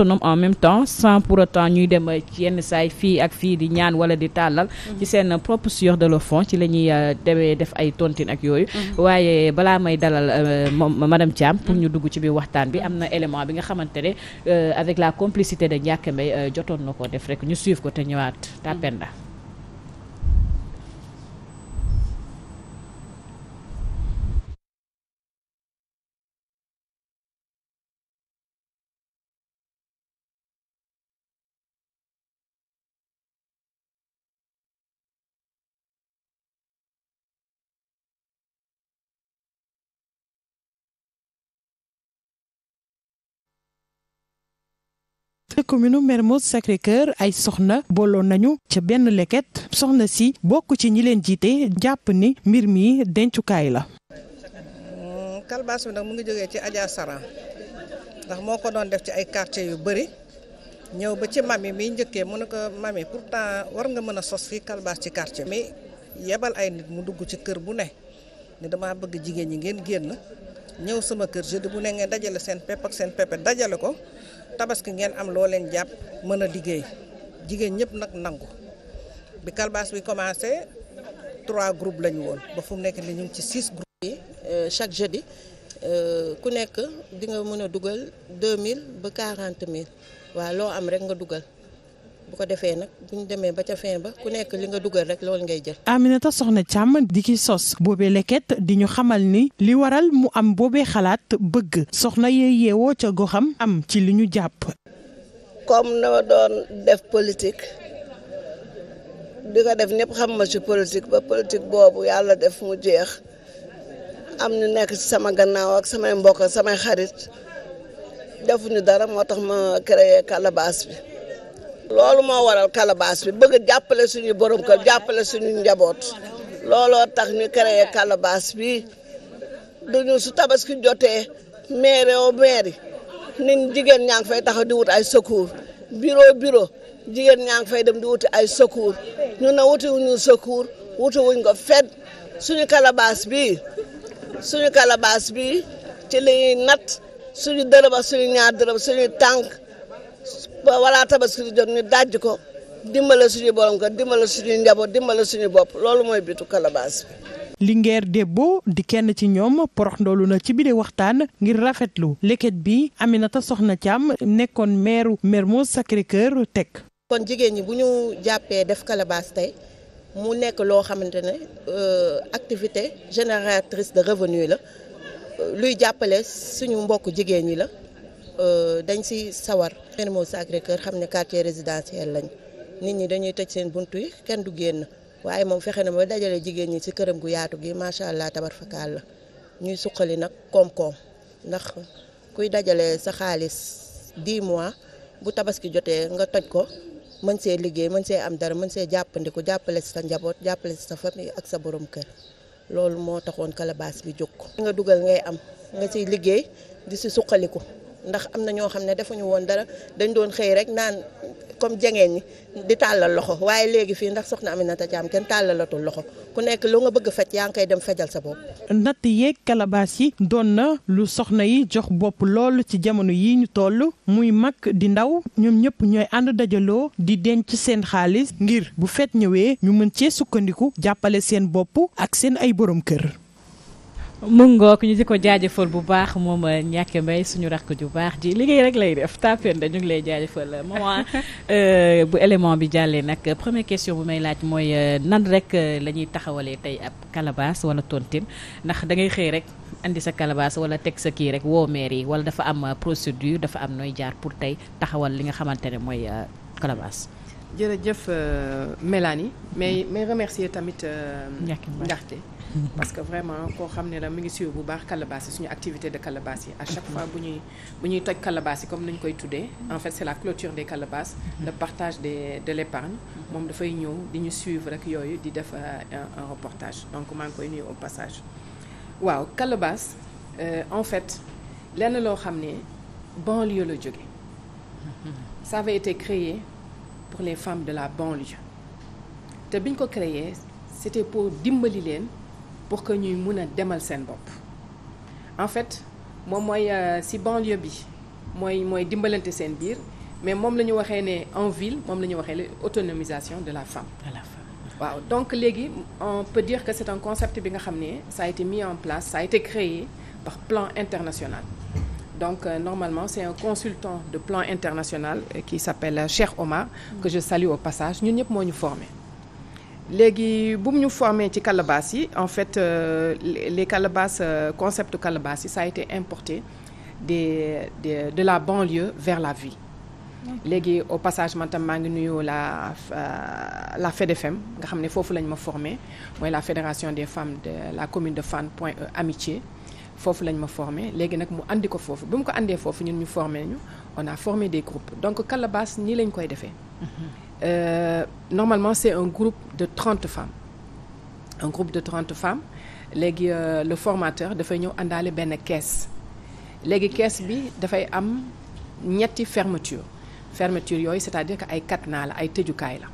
autonome en même temps sans pour temps ñuy dem ci yenn saay fii ak fii di ñaan wala di tàllal mhm. ci seen propre sueur de le fond ci la ñuy euh, demee def ay tontine ak yooyu mhm. waaye balaa may dalal euh, madame Thiam pour mhm. ñu dugg ci biir waxtaan bi am na élément bi nga xamante ne euh, avec la complicité de Ndiakhé Mbaye jotoon na ko def rek ñu suif ko te ñëwaat Tapenda commune Mermoz Sacré-Cœur ay soxna booloon nañu ca benn leket soxna si bokk ci ñi leen jiite jàpp ni mbir mi dencukaay la. Mm, kalbaas bi nag mu ngi jógee ci Adja ndax moo ko doon def ci ay quartier yu bari ñëw ba ci mami mi njëkkee mu ne ko mami pourtant war nga mën a sos fii kalbaas ci quartier mi yebal ay nit mu dugg ci kër bu ne ne dama bëgg jigéen ñi ngeen génn ñëw sama kër jeudi bu ne ngeen dajale seen pepp ak seen peppe dajale ko. tabaski ngeen am loo leen jàpp mën a liggéey jigéen ñëpp nag nangu bi calebasse bi commencé trois groupes la ñu woon ba fu mu nekk ni ñu ngi ci six groupes yi euh, chaque jeudi euh, ku nekk di nga mën a dugal deux mille ba quarante mille waaw loo am rek nga dugal bu ko defee nag bu ñu demee ba ca fin ba ku nekk li nga dugal rek loolu ngay jël. Aminata Soxna càmm di ki sos boobee leket di ñu xamal ni li waral mu am boobee xalaat bëgg soxna yee yeewoo ca goxam am ci li ñu jàpp. comme na doon def politique di ko def ñëpp xam ma ci politique ba politique boobu yàlla def mu jeex am ñu nekk ci sama gannaaw ak samay mbokk samay xarit defuñu dara moo tax ma créé calebasse bi. loolu moo waral calebasse bi bëgg jàppale suñu borom kër jàppale suñu njaboot looloo tax ñu créé calebasse bi duñu su tabaski jotee maire o maire nit jigéen ñaa ngi fay taxaw di wut ay secours bureau bureau jigéen ñaa ngi fay dem di wuti ay secours ñu ne wutiwuñu secours wutiwuñ ko fed suñu calebasse bi suñu calebasse bi ci li ñuy nat suñu dërëm ak suñu ñaar dërëm suñu tànk ba wala tabaski jot ñu dàjj ko dimbale suñu borom ko dimbale suñu njaboot dimbale suñu bopp loolu mooy bitu kalabaas bi. Linguère Debbo di kenn ci ñoom porox ndoolu na ci biir waxtaan ngir rafetlu leket bi Aminata Soxna Thiam nekkoon meeru Mermoz Sacré-Cœur teg. kon jigéen ñi bu ñu jàppee def calebasse tey mu nekk loo xamante ne euh, activité génératrice de revenu la euh, luy jàppale suñu mbokk jigéen ñi la Euh, dañ si sawar xen moo Sacré Cœur xam ne quartier résidentiel lañ nit ñi dañuy tëj seen bunt yi kenn du génn waaye moom fexe na ba dajale jigéen ñi si këram gu yaatu gi macha allah tabarfakaal la ñuy suqali nag koom-koom ndax kuy dajale sa xaalis 10 mois bu tabaski jotee nga toj ko mën see liggéey mën see am dara mën see jàppandiku jàppale si sa njaboot jàppale si sa famille ak sa borom kër loolu moo taxoon kalabaas bi jóg. nga dugal am nga siy liggéey ndax am na ñoo xam ne defuñu woon dara dañ doon xëy rek naan comme jangeen ñi di tàllal loxo waaye léegi fii ndax soxna Aminata Thiam kenn tàllalatul loxo ku nekk loo nga bëgg faj yaa ngi koy dem fejal sa bopp. natt yeeg kalabaas yi doon na lu soxna yi jox bopp loolu ci jamono yi ñu toll muy mag di ndaw ñoom ñëpp ñooy ànd dajaloo di denc seen xaalis ngir bu fet ñëwee ñu mën cee sukkandiku jàppale seen bopp ak seen ay borom kër. mu ngook ñu di ko jaajëfal bu baax moom ñàkke euh, mbay suñu rakk ju baax ji liggéey rek lay def tapen da ñu ngi lay jaajëfal euh, maman euh, bu élément bi jàllee nag première question bu may laaj mooy nan rek la ñuy taxawalee tey ab calebasse wala tontine ndax dangay xëy rek indi sa calebasse wala teg sa kii rek woo yi wala dafa am procédure dafa am nooy jaar pour tey taxawal li nga xamante ne mooy calebasse jërëjëf Mélanie mais mm. mais remercier tamit ndaxte parce que vraiment koo xam ne la mi ngi suivre bu baax calebasse yi suñu activité de calebasse yi à chaque fois bu ñuy bu ñuy toj calebasse yi comme nañ koy tuddee en fait c'est la clôture des calebasses le partage des de l'épargne moom dafay ñëw di ñu suivre rek yooyu di def euh, un reportage donc maa ngi koy nuyu au passage waaw calebasse euh, en fait lenn loo xam ne banlieue la jóge ça avait été pour les femmes de la banlieue te bi ñu ko créé c'était pour dimbali leen pour que ñuy mun a demal seen bopp en fait moom mooy ci euh, banlieue bi mooy mooy dimbalante seen biir mais moom la ñu waxee ne en ville moom la ñu waxee l'autonomisation de la femme. de la femme. waaw donc léegi on peut dire que c'est un concept bi nga xam ne ça a été mis en place ça a été créé par plan international donc euh, normalement c'est un consultant de plan international euh, qui s'appelle Cheikh Omar que je salue au passage ñun ñëpp moo ñu formé léegi bu mu ñu formee ci calebasse yi en fait euh, les calebasses euh, concept calebasse yi ça a été importé des de de la banlieue vers la ville. léegi au passage man tam maa ngi nuyu la euh, la FEDEFEM nga xam ne foofu lañ ma formé mooy la fédération des femmes de la commune de Fann Point E Amitié foofu lañ ma formé léegi nag mu andi ko foofu bi mu ko indee foofu ñun ñu formé ñu on a formé de groupes donc calebasse nii lañ koy defee. Mhm. euh, normalement c'est un groupe de trente femmes un groupe de trente femmes léegi euh, le formateur dafay ñëw àndaale benn kees léegi kees bi dafay am ñetti fermeture fermeture yooyu c'est-à-dire que ay cadenas la ay tëjukaay la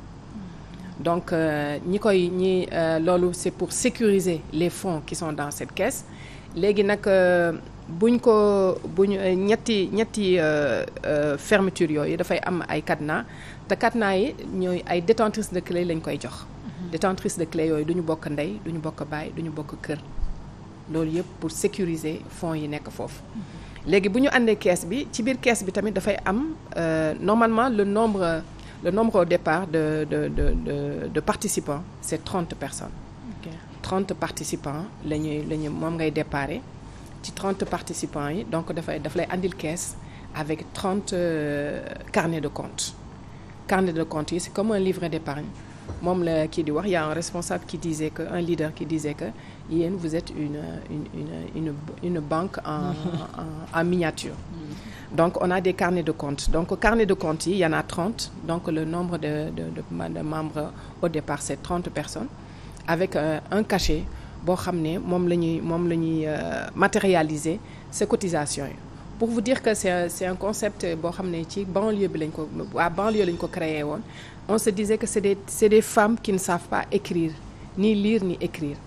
donc euh, ñi koy ñi euh, loolu c'est pour sécuriser les fonds qui sont dans cette caisse léegi nag buñ ko buñ euh, ñetti ñetti euh, euh, fermeture yooyu dafay am ay cadenas te cadenas yi ñooy ay détentrice de clé lañ koy jox. Mhm. détentrice de clé yooyu duñu bokk ndey duñu bokk baay duñu bokk kër loolu yëpp pour sécuriser fonds yi nekk foofu. Mhm. léegi bu ñu àndee kees bi ci biir kees bi tamit dafay am normalement le nombre le nombre au départ de de de de de participants c'est trente personnes. ok trente participants la ñuy la ñuy moom ngay déparé. ci trente participants yi donc dafay daf la andil kees avec trente euh, carnet de compte carnet de compte yi c'est comme un livret d'épargne moom la kii di wax y a un responsable qui disait que un leader qui disait que yéen vous êtes une une banque en en, en miniature. donc on a des carnets de comptes donc carnet de comptes yi y en trente donc le nombre de de de, de membres au départ c'est trente personnes avec un, euh, un cachet. boo xam ne moom la ñuy moom la ñuy euh, matérialiser ces cotisations yi pour vous dire que c'est c'est un concept boo xam ne ci banlieue bi lañ ko waa banlieue lañ ko créer woon on se disait que c'est des c'est des femmes qui ne savent pas écrire ni lire ni écrire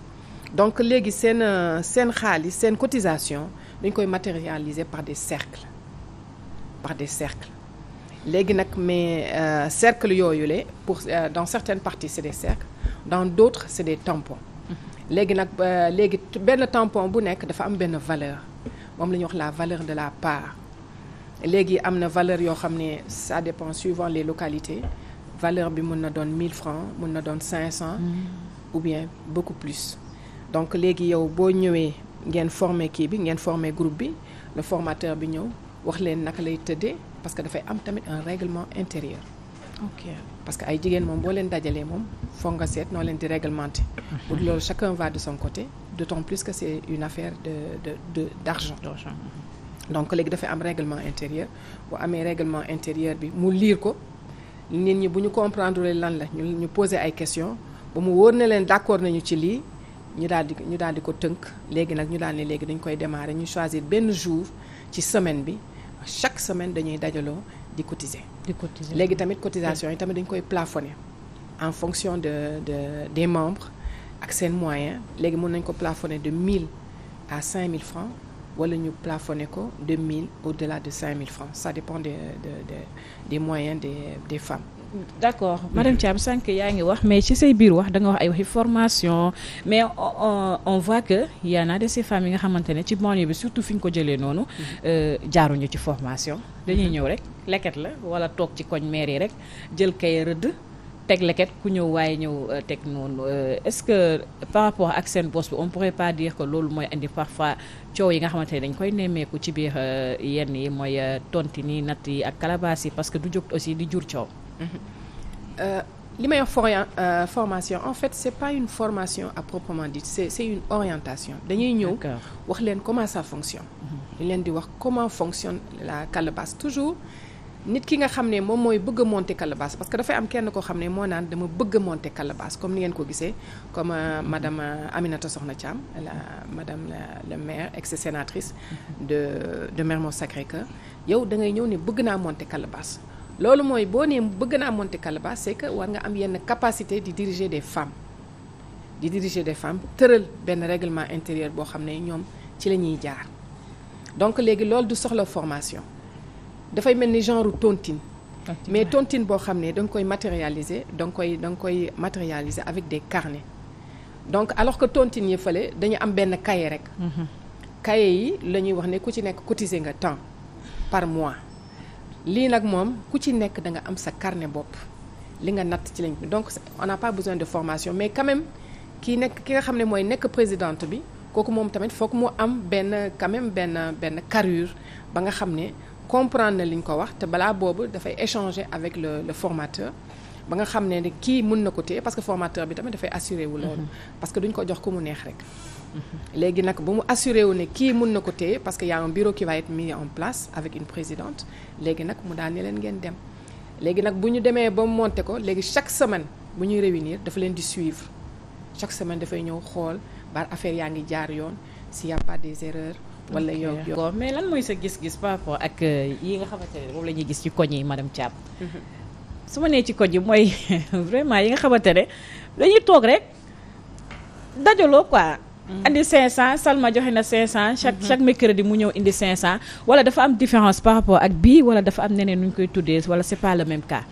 donc léegi seen euh, seen xaalis seen cotisation dañ koy matérialiser par des cercles par des cercles léegi nag mais euh, cercles yooyu le pour dans certaines parties c'est des cercles dans d'autres c'est des tampons léegi nag euh, léegi benn tampon bu nekk dafa am benn valeur moom la ñuy wax la valeur de la part léegi am na valeur yoo xam ne ça dépend suivant les localité valeur bi mun na doon mille francs mun na doon cinq 500. Mm-hmm. ou bien beaucoup plus. donc léegi yow boo ñëwee ngeen formé kii bi ngeen formé groupe bi le formateur bi ñëw wax leen naka lay tëddee parce que dafay am tamit un règlement intérieur. ok parce que ay jigéen moom boo leen dajalee moom foog nga seet noo leen di réglementer. Mhm. pour loolu chacun va de son côté d'autant plus que c'est une affaire de de de d'argent. d'argent. Mhm. donc léegi dafay am réglement intérieur bu amee réglement intérieur bi mu liir ko nit ñi bu ñu comprendre lan la ñu ñu poser ay questions ba mu wóor na leen d'accord nañu ci lii ñu daal di ñu di ko tënk léegi nag ñu daal ne léegi dañu koy démarrer ñu choisir benn jour ci semaine bi chaque semaine dañuy dajaloo. di cotiser. di cotiser léegi tamit cotisation yi tamit dañ koy plafonner en fonction de de des membres ak seen moyen léegi mun nañ ko plafonner de mille à mille francs wala ñu plafonner ko de mille au-delà de mille francs ça dépend des de de moyens des des femmes. d' accord madame Thiam sànq yaa ngi wax mais ci say biir wax da nga wax ay waxi formation mais on, on voit que y en a de ces femmes yi nga xamante ne ci banlieue bi surtout fi ñu ko jëlee noonu euh, jaaruñu ci formation dañuy ñëw rek leket la wala toog ci koñ mairie rek jël kay rëdd teg leket ku ñëw waaye ñëw euh, teg noonu euh, est ce que par rapport ak seen boss bi on pourrait pas dire que loolu mooy indi parfois coow yi nga xamante ne dañ koy nemmeeku ci biir yenn yi mooy tonti nii natt yi ak kalabaas yi parce que du jóg aussi di jur coow Euh, li may wax euh, formation en fait c'est pas une formation à proprement dite c'est une orientation dañuy ñëw wax leen comment ça fonctionne ñu leen di wax comment fonctionne la calebasse toujours nit ki nga xam ne moom mooy bëgg monte monter calebasse parce que dafay am kenn koo xam ne moo naan dama bëgg a monter calebasse comme ni ngeen ko gisee comme euh, mhm. madame Aminata Soxna Thiam la madame la le maire ex-sénatrice de de Mermoz Sacré-Cœur yow da ngay ñëw ne bëgg naa monter calebasse loolu mooy boo nee bëgg naa monter calebasse c'est que war nga am yenn capacité di diriger des femmes di diriger des femmes tëral benn réglement intérieur boo xam ne ñoom ci la ñuy jaar donc léegi loolu du soxla formation dafay mel ni genre tontine. mais tontine boo xam ne da nga koy matérialiser da nga koy da koy matérialiser avec des carnets donc alors que tontine yi fële dañu am benn cahier rek. Mhm. cahier yi lañuy wax ne ku ci nekk cotiser nga temps par mois. lii nag moom ku ci nekk da nga am sa carnet bopp li nga natt ci lañ donc on n'a pas besoin de formation mais quand même kii nekk ki nga xam ne mooy nekk présidente bi kooku moom tamit foog mu am benn quand benn benn carrure ba nga xam ne comprendre na li ñu ko wax te balaa boobu dafay échanger avec le le formateur ba nga xam ne kii mun na ko téye parce que formateur bi tamit dafay assuré wu loolu. Mhm. parce que duñ ko jox ku mu neex rek. Mhm. léegi nag bu mu assuré wu ne kii mun na ko téye parce que y a un bureau qui en place avec une présidente léegi nag mu daal ne leen ngeen dem. léegi nag bu ñu demee ba mu monté ko léegi chaque semaine bu ñuy réunir dafa leen di suivre chaque semaine dafay ñëw xool ba affaire yaa ngi jaar yoon s'il y a pas des erreurs. wala yow mais lan mooy sa gis-gis par ak euh, yi nga xamante ne moom la ñuy gis ci koñ yi madame Thiam. Mhm. su ma nee ci ko ji mooy vraiment yi nga xamante ne dañuy toog rek dajaloo quoi. indi mm. 500 Salma joxe na 500. chaque mm-hmm. chaque mercredi mu ñëw indi 500. wala dafa am différence par rapport ak bii wala dafa am neneen nu ñu koy tuddee wala c'est pas le même cas.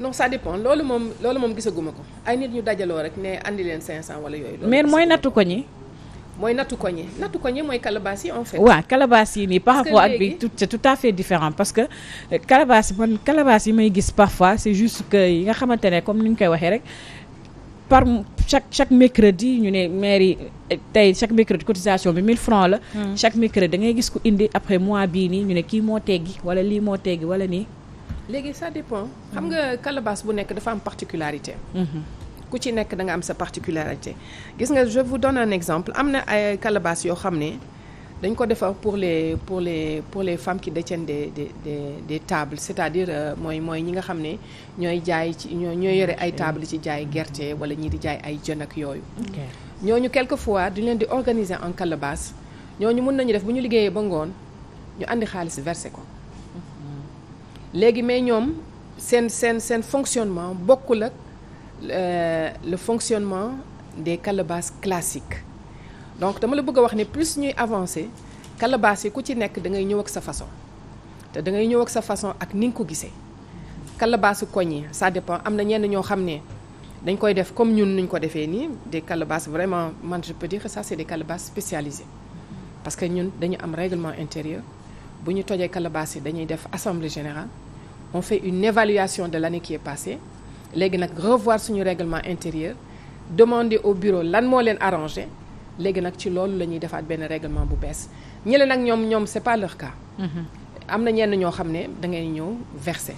non ça dépend loolu moom loolu moom gisaguma ko ay nit ñu dajaloo rek ne indi leen 500 wala yooyu. loolu mais mooy nattu ko ñi. mooy natu koñe nattu koñe mooy calebasse yi en fait. waaw calebasse yi nii par rapport ak bi tout c'est tout à fait différent parce que euh, calebasse man calebasse yi may gis parfois c'est juste que yi nga xamante ne comme ni ñu koy waxee rek. par chaque chaque mercredi ñu ne maire yi euh, tey chaque mercredi cotisation bi mille francs la. Hmm. chaque mercredi da ngay gis ku indi après mois bii nii ñu ne kii moo teggi wala lii moo teggi wala nii. léegi ça dépend. xam nga calebasse bu nekk dafa am particularité. Mm-hmm. ku ci nekk da nga am sa particularité gis nga je vous donne un exemple am na ay calebasse yoo xam ne dañ ko defar pour les pour les pour les femmes qui détiennent des des des des tables c'est-à-dire euh, mooy mooy ñi nga xam ne ñooy jaay ci ñoo ñooy yore ay tables ci jaay gerte wala ñii di jaay ay jën ak yooyu. quelque fois du leen di organiser en ñoo ñu mën nañu def bu ñu liggéeyee ba ngoon ñu indi xaalis versé ko mhm. léegi mais ñoom seen seen seen fonctionnement bokkul ak. Euh, le fonctionnement des calebasses classique donc dama la bëgg wax ni plus ñuy avancer calebasses yi ku ci nekk da ngay ñëw ak sa façon te da ngay ñëw ak sa façon ak ni nga ko gisee calebasses koñ yi ça dépend am na ñenn ñoo xam ne dañ koy def comme ñun nuñ ko defee nii des calebasses vraiment man je peux dire que ça c'est des calebasses parce que ñun dañu am règlement intérieur bu ñu tojee calebasses yi dañuy def assemblée générale on fait une évaluation de l'année qui est passée léegi nag revoir suñu règlement intérieur demander au bureau lan moo leen arrangé léegi nag ci loolu la ñuy defaat benn règlement bu bees ñële nag ñoom ñoom c'est pas leur cas. Mhm. am na ñenn ñoo xam ne da ngay ñëw verser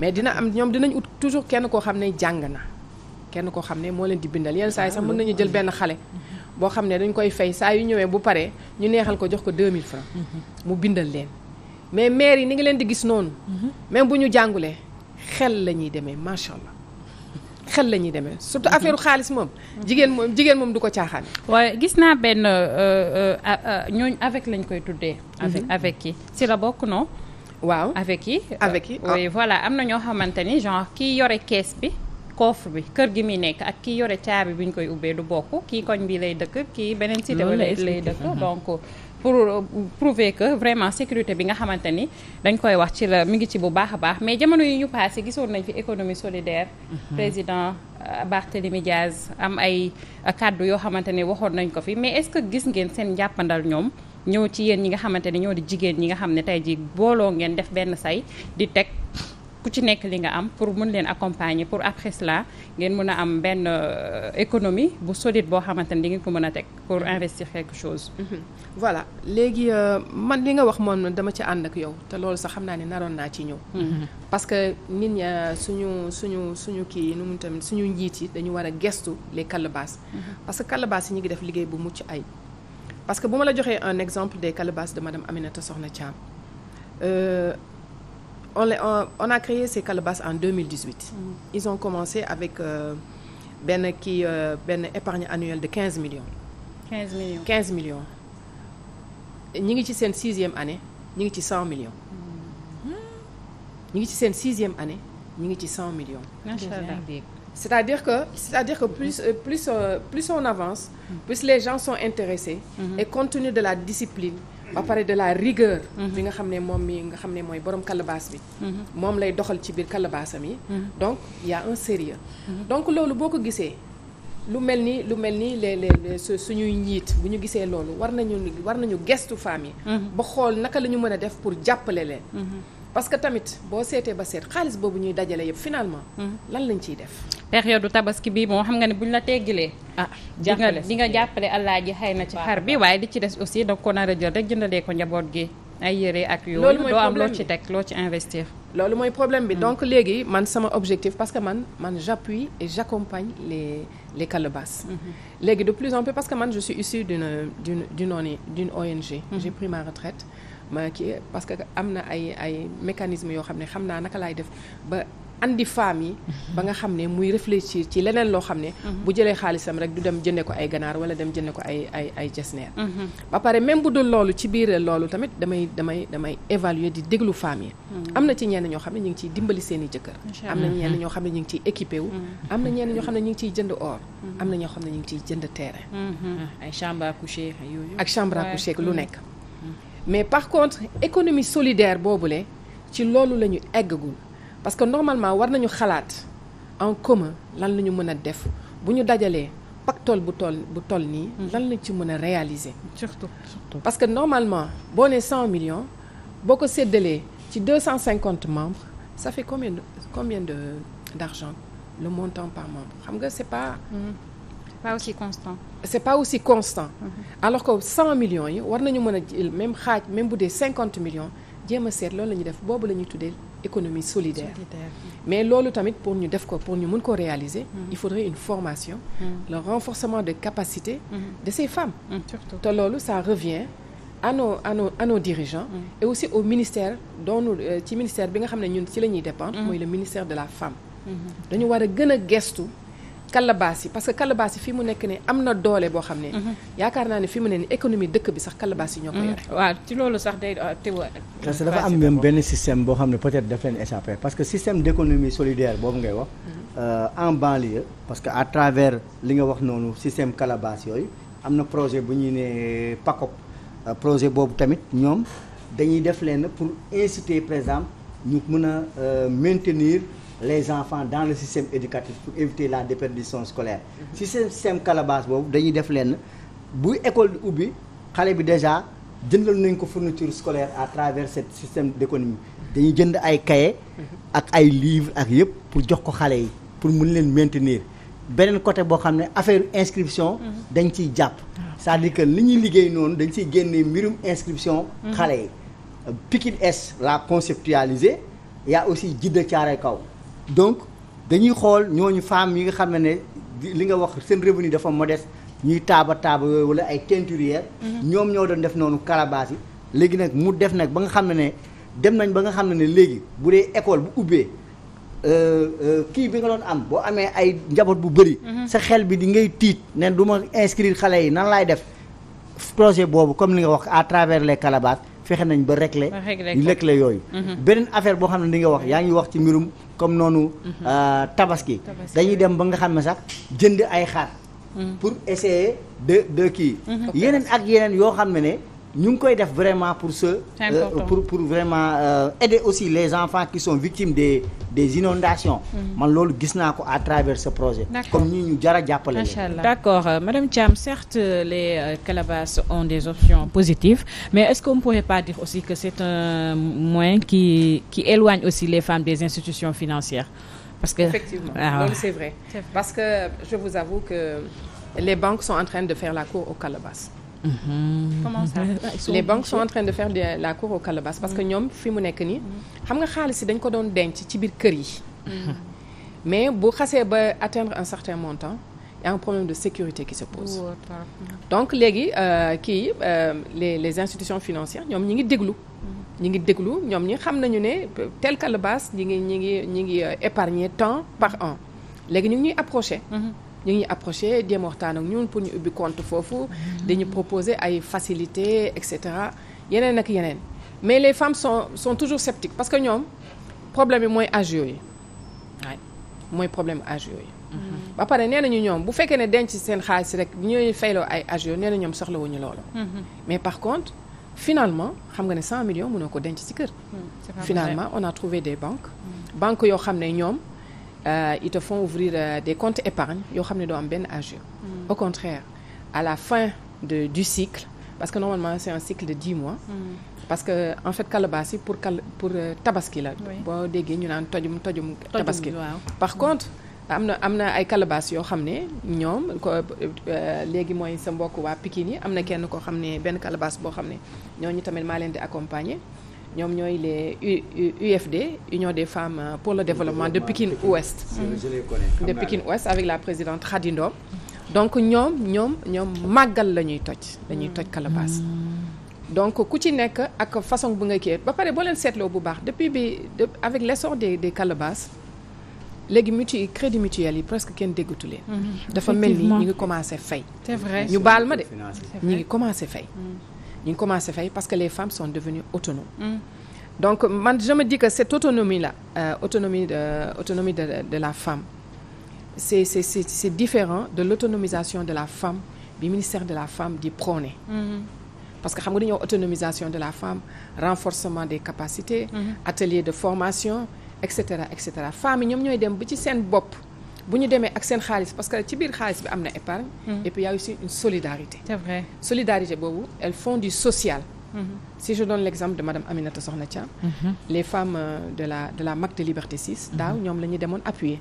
mais dina am ñoom dinañ ut toujours kenn koo xam ne jàng na kenn koo xam ne moo leen di bindal yenn saa yi sax mën nañu jël benn xale. boo xam ne dañu koy fay saa yu ñëwee bu paree ñu neexal ko jox ko 2000 francs mhm. mu bindal leen mais maire yi ni ngi leen di gis noonu. Mhm. même bu ñu jàngulee. xel la ñuy demee macha allah xel la ñuy demee surtout affaire xaalis moom. jigéen moom jigéen moom du ko caaxaan. waaye gis naa benn euh, euh, euh, ñooñ avec lañ koy tuddee. avec mhm. avec yi si la bokk non. waaw avec yi. avec yi oui ah. voilà am na ñoo xamante ni genre kii yore kees bi. coffre bi kër gi muy nekk ak kii yore caar bi ñu koy ubbee du bokk kii koñ bi lay dëkk kii beneen cité lay dëkk mhm. donc pour euh, prouver que vraiment sécurité bi nga xamante ni dañ koy wax ci la mi ngi ci bu baax a baax mais jamono yu ñu passé gisoon nañ fi économie solidaire mhm. président euh, Barthélémy Diaz am ay euh, kàddu yoo xamante ne waxoon nañ ko fi mais est-ce que gis ngeen seen njàppandal ñoom ñëw ci yéen ñi nga xamante ne ñoo di jigéen ñi nga xam ne tey ji booloo ngeen def benn say di teg ku ci nekk li nga am pour mun leen accompagner pour après cela ngeen mun a am benn euh, économie bu solide boo xamante ne di nga ko mën a teg pour mhm. investir quelque chose. Mhm. voilà léegi euh, man li nga wax moom dama ci ànd ak yow te loolu sax xam naa ne naroon naa ci ñëw. Mhm. parce que nit ñi euh, suñu suñu suñu kii nu mu tamit suñu njiit yi dañu war a gestu les calebasses. parce que calebasses yi ñu ngi def liggéey bu mucc ay parce que bu ma la joxee un exemple des calebasses de amina Aminata Soxna Thiam. on, les, on, on a créé ces calebasses en 2018. Mmh. Ils ont commencé avec euh, benn kii euh, benn épargne annuelle de 15 millions. 15 millions 15 millions. ñi ngi ci seen sixième année ñi ngi ci 100 millions. Mm. Hmm. ñi ngi ci seen sixième année ñi ngi ci 100 millions. macha allah c'est-à-dire que c'est-à-dire plus euh, plus euh, plus on avance. Mm. plus les gens sont intéressés. Mm-hmm. et compte de la discipline. ba pare de la rigueur. Mhm. bi nga xam ne moom mi nga xam ne mooy borom calebasse bi. Mhm. moom lay doxal ci biir calebassam mhm. yi. donc y a un sérieux donc loolu boo ko gisee lu mel ni lu mel ni le les suñuy njiit bu ñu gisee loolu war nañu war nañu gestu femmes yi. ba xool naka la ñu mën a def pour jàppale leen. parce que tamit boo seetee ba seet xaalis boobu ñuy dajale yëpp finalement. Hmm. lan lañ ciy def. période tabaski bii moo xam nga ne buñ la teggilee. ah jàppale di nga jàppale ji xëy na ci xar bi waaye di ci des aussi danga ko nar a jël rek jëndalee ko njaboot gi. ay yére ak yooyu loolu mooy doo am loo ci teg loo ci investir. loolu mooy problème bi hmm. donc léegi man sama objectif parce que man man j'appuie jacompagne j'accompagne les les calebasses. Hmm. léegi de plus en plus parce que man je suis issue d'une d'une d'une ONG. j'ai pris ma retraite. ma kii parce que am na ay ay mécanismes yoo xam ne xam naa naka laay def ba andi femme yi. Mhm. ba nga xam ne muy réfléchir ci leneen loo xam ne. Mhm. bu jëlee xaalisam rek du dem jënde ko ay ganaar wala dem jënde ko ay ay ay jesneer. Mhm. ba pare même bu dul loolu ci biir loolu tamit damay damay damay évaluer di déglu femme yi. am na ci ñenn ñoo xam ne ñu ngi ciy dimbali seen i jëkkër. am na ñeen ñoo xam ne ñu ngi ciy équipé wu. am na ñenn ñoo xam ne ñu ngi ciy jënd or. am na ñoo xam ne ñu ngi ciy jënd terrain. Ah, ay chambre à ak chambre lu nekk. mais par contre économie solidaire boobule ci loolu la ñu eggagul parce que normalement war nañu xalaat en commun lan la ñu mën a def bu ñu dajalee pactole bu tol bu toll nii. Hmm. lan lañ ci mën a réaliser. surtout surtout parce que normalement boo nee 100 millions boo ko séddalee ci 250 membres ça fait combien de combien de d' argent le montant par membre xam nga c' est pas. Hmm. pas aussi constant. c'est pas aussi constant. alors que 100 millions yi war nañu mën a jël même xaaj même bu dee 50 millions jéem a seet loolu la ñuy def boobu la tuddee économie solidaire. mais loolu tamit pour ñu def ko pour ñu mën ko réaliser. Mm-hmm. il faudrait une formation. Mm-hmm. le renforcement de capacité. Mm-hmm. de ces femmes. te loolu ça revient. ano nos à nos à nos aussi au ministère doonu euh, ci ministère bi nga xam ne ñun ci la ñuy dépendre. mooy le ministère de la femme. dañu war a gën a gestu. kalabaas yi parce que kalabaas yi fi mu nekk ne am na doole boo xam ne. Mhm. yaakaar naa ne fi mu ne ni dëkk bi sax kalabaas yi ñoo ko mhm. yore. waaw ci loolu sax day euh, teewaat. Euh, parce parce que système d'économie solidaire boobu ngay wax. Mhm. Euh, en banlieue. parce que à li nga wax noonu système kalabaas yooyu am na projet bu ñuy ne PACOP projet boobu tamit ñoom dañuy def leen pour inciter par ñu mën a maintenir. les enfants dans le système éducatif pour éviter la déperdition scolaire. si seen système calebasse boobu dañuy def lenn bu école bi ubbi xale bi déjà jëndal nañ ko fourniture scolaire à travers ce système d'économie dañuy jënd ay cahiers. ak ay livres ak yëpp pour jox ko xale yi pour mun leen maintenir beneen côté boo xam ne affaire inscription. dañ ciy jàpp. c'est-à-dire li ñuy liggéey noonu dañ ciy génnee mbirum inscription. xale yi Pikine Est la conceptualiser y a aussi Jidda Caaray Kaw. donc dañuy xool ñooñu femmes yi nga xam ne ne li nga wax seen revenu dafa modeste ñuy taaba taaba yooyu wala ay teinturière mm-hmm. ñoom ñoo doon def noonu calebasse yi léegi nag mu def nag ba nga xam ne ne dem nañ ba nga xam ne léegi bu dee école bu ubbee euh, euh, kii bi nga doon am boo amee ay njaboot bu bëri mm-hmm. sa xel bi di ngay tiit ne du ma inscrire xale yi nan laay def projet boobu comme li nga wax à travers les calebasses fexe nañ ba régler régler yooyu mhm. beneen affaire boo xam ne li nga wax yaa ngi wax ci mbirum comme noonu mhm. euh, tabaski dañuy dem ba nga xam ne sax jënd ay xaar mhm. pour essayer de de kii yeneen ak yeneen yoo xam ne ne ñu ngi koy def vraiment pour ce euh, pour vraiment euh, aider aussi les enfants qui sont victimes des des inondations mhm. man loolu gis naa ko à travers ce projet comme ñi ñu jara jàppale leen d'accord euh, madame Thiam certes euh, les euh, calebasses ont des options positives mais est-ce qu'on pourrait pas dire aussi que c'est un moyen qui qui éloigne aussi les femmes des institutions financières parce que effectivement ah, loolu parce que je vous avoue que les banques sont en train de faire la cour aux calebasses Mm-hmm. comment ça les banques sont en train de faire de la cour au parce que mm-hmm. ñoom fi mu nekk nii. Mm-hmm. xam nga xaalis yi dañ ko doon denc ci biir kër yi. mais bu xasee ba atteindre un certain montant y a un problème de sécurité qui se pose. donc léegi euh, kii euh, les les institutions financières ñoom ñi ngi déglu. ñi ngi déglu ñoom ñi xam nañu ne tel calebasse ñi ngi ñi ngi ñi ngi euh, épargner temps par an léegi ñu ngi ñuy approché. ñu ngi approché jéem waxtaan ak ñun pour ñu ubbi compte foofu. dañu proposer ay facilité et cetera yeneen ak yeneen. mais les femmes son sont toujours sceptiques parce que ñoom problème yi mooy âge yooyu waaye mooy problème âge yooyu. Mm-hmm. ba pare nee nañu ñoom bu fekkee ne denc seen xaalis rek ñooy fayloo ay âge yooyu nee na ñoom soxlawuñu loolu. Mm-hmm. mais par contre finalement xam nga ne 100 millions mënoo ko denc si kër. Mm, finalement on a trouvé des banque mm. banque yoo xam ne ñoom. Euh, ils te font ouvrir euh, des comptes épargne yoo xam ne doo am benn âge mm. au contraire à la fin de du cycle parce que normalement c'est un cycle de dix mois mm. parce que en fait calebasse yi pour kal pour euh, tabaski la boo déggee ñu naan tojum tojum tabaski par mm. contre am na am na ay calebasse yoo xam ne ñoom ko léegi mooy sa mbokk waa Pikine am na kenn koo xam ne benn calebasse boo xam ne ñooñu tamit maa leen di accompagner ñoom ñooy les UFD Union des femmes pour le développement de Pikine Ouest de Pikine Ouest avec la présidente Khady donc ñoom ñoom ñoom màggal la ñuy toj lañuy toj calebasse donc ku ci nekk ak façon bu nga kii ba pare boo leen seetloo bu baax depuis bi avec l'essor des des calebasses léegi mutu crédit mutuel yi presque kenn déggatu leen mm-hmm. dafa mel ni ñu ngi commencé fay c'est vrai ñu baal ma de ñu ngi commencé fay mm. ñu ngi commencé fay parce que les femmes sont devenues autonomes. Mm. donc man je me dis que cette autonomie là euh, autonomie de autonomie de de la femme c'est c'est c'est c'est différent de l'autonomisation de la femme bi ministère de la femme di prôner. Mm-hmm. parce que xam nga dañoo autonomisation de la femme renforcement des capacités. Mm. atelier de formation et cetera et cetera femmes yi ñoom ñooy dem ba ci seen bopp. bu ñu demee ak seen xaalis parce que ci biir xaalis bi am na épargne. Hmm. et puis y a aussi une solidarité. c'est vrai solidarité boobu elles font du social. Mm -hmm. si je donne l'exemple de madame Aminata Sokhna Thiam. Hmm. les femmes euh, de la de la MAC de Liberté 6. Hmm. daaw ñoom la ñu demoon appuyer.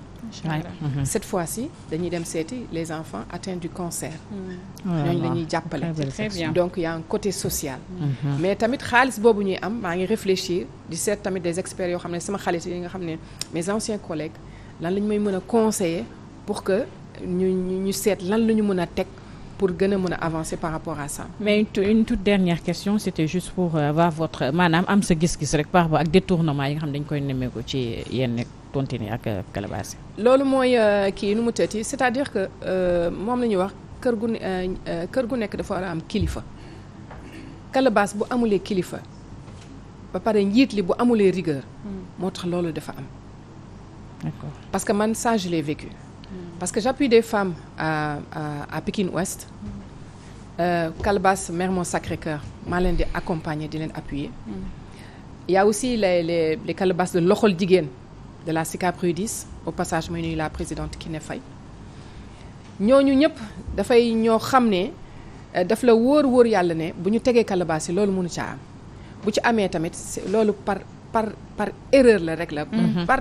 cette fois-ci dañuy dem seeti les enfants atteints du cancer. ñooñu la ñuy jàppale. donc il y un côté social. Mm -hmm. mais tamit xaalis boobu ñuy am maa ngi réfléchir di seet tamit des experts yoo xam ne sama xaalis yi nga xam ne mes anciens collègues. lan lañ may mën a conseiller pour que ñu ñu seet lan la ñu mën a teg pour gën a mën a avancer par rapport à ça. mais une, une toute dernière question c'était juste pour euh, avoir votre maanaam am sa gis-gis rek par rapport ak détournement yi nga xam dañ koy nemmeeku ci yenn tontine ak yi euh, loolu mooy euh, kii nu mu tëti c'est-à-dire que moom la ñuy wax kër gu kër gu nekk dafa war a am kilifa calebasse bu amulee kilifa ba pare njiit li bu amulee rigueur. Hmm. moo tax loolu dafa am. parce que man ça je l'ai vécu parce que j'appuie des femmes à à, à Pikine Ouest euh, maa leen di accompagner di leen appuyer mm. il aussi les les les Calbas de Loxol Jigéen de la SICAP rue 10 au passage muy nuyu la présidente Kiné Faye ñooñu ñëpp dafay ñoo xam ne euh, daf la wóor wóor yàlla ne bu ñu tegee Calbas yi loolu mënu caa am bu ci amee tamit loolu par par erreur la rek la. Mhm. par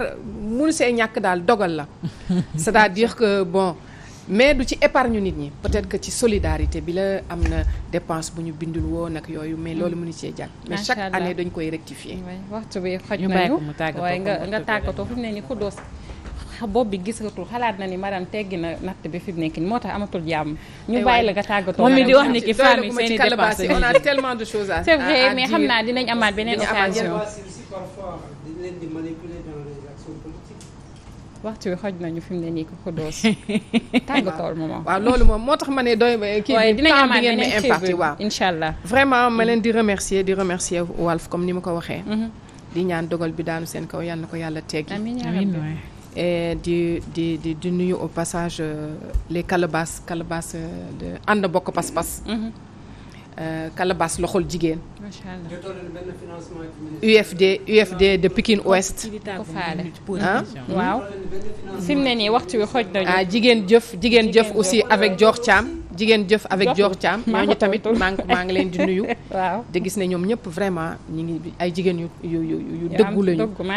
mun see ñàkk daal dogal la. c'est-à-dire que bon mais du ci épargne nit ñi. peut-être que ci solidarité bi la am na dépense bu ñu bindul woon ak yooyu mais loolu mënu cee jàll. mais chaque année dañ koy rectifier. waxtu bi xaj nañu waaye nga nga tàggatoo fi mu ne nii ku doos boob bi gisatul xalaat na ni madame teggi na natt bi fi mu nekk nii moo tax amatul jàmm. ñu bàyyi la nga tàggatoo moom mi di wax ni a tellement de choses à dire c'est xam naa dinañ amaat beneen occasion. waxtu wi xoj nañu fi mu ne nii ko xuddoos tàggatool moom waaw loolu moom moo tax ma ne doy ba kii bi temps bi ngeen ma imparti waaw incha vraiment ma leen di remercier di remercier Walf comme ni ma ko waxee mm-hmm. di ñaan dogal bi daanu seen kaw yal na ko yàlla teggi et di di di nuyu au passage euh, les calebasses calebasses euh, de ànd bokk pas-pas. Mhm. Euh, calebasses loxol jigéen. macha allah UFD de Pikine Ouest. ah waaw. fi mu ne nii waxtu wi xoj nañu. ah jigéen jëf jigéen jëf aussi avec Dior caam jigéen jëf avec Dior Thiam ñooñu tamit maa ngi maa ngi leen di nuyu. waaw te gis ne ñoom ñëpp vraiment ñi ngi ay jigéen yu yu yu dëggu lañu.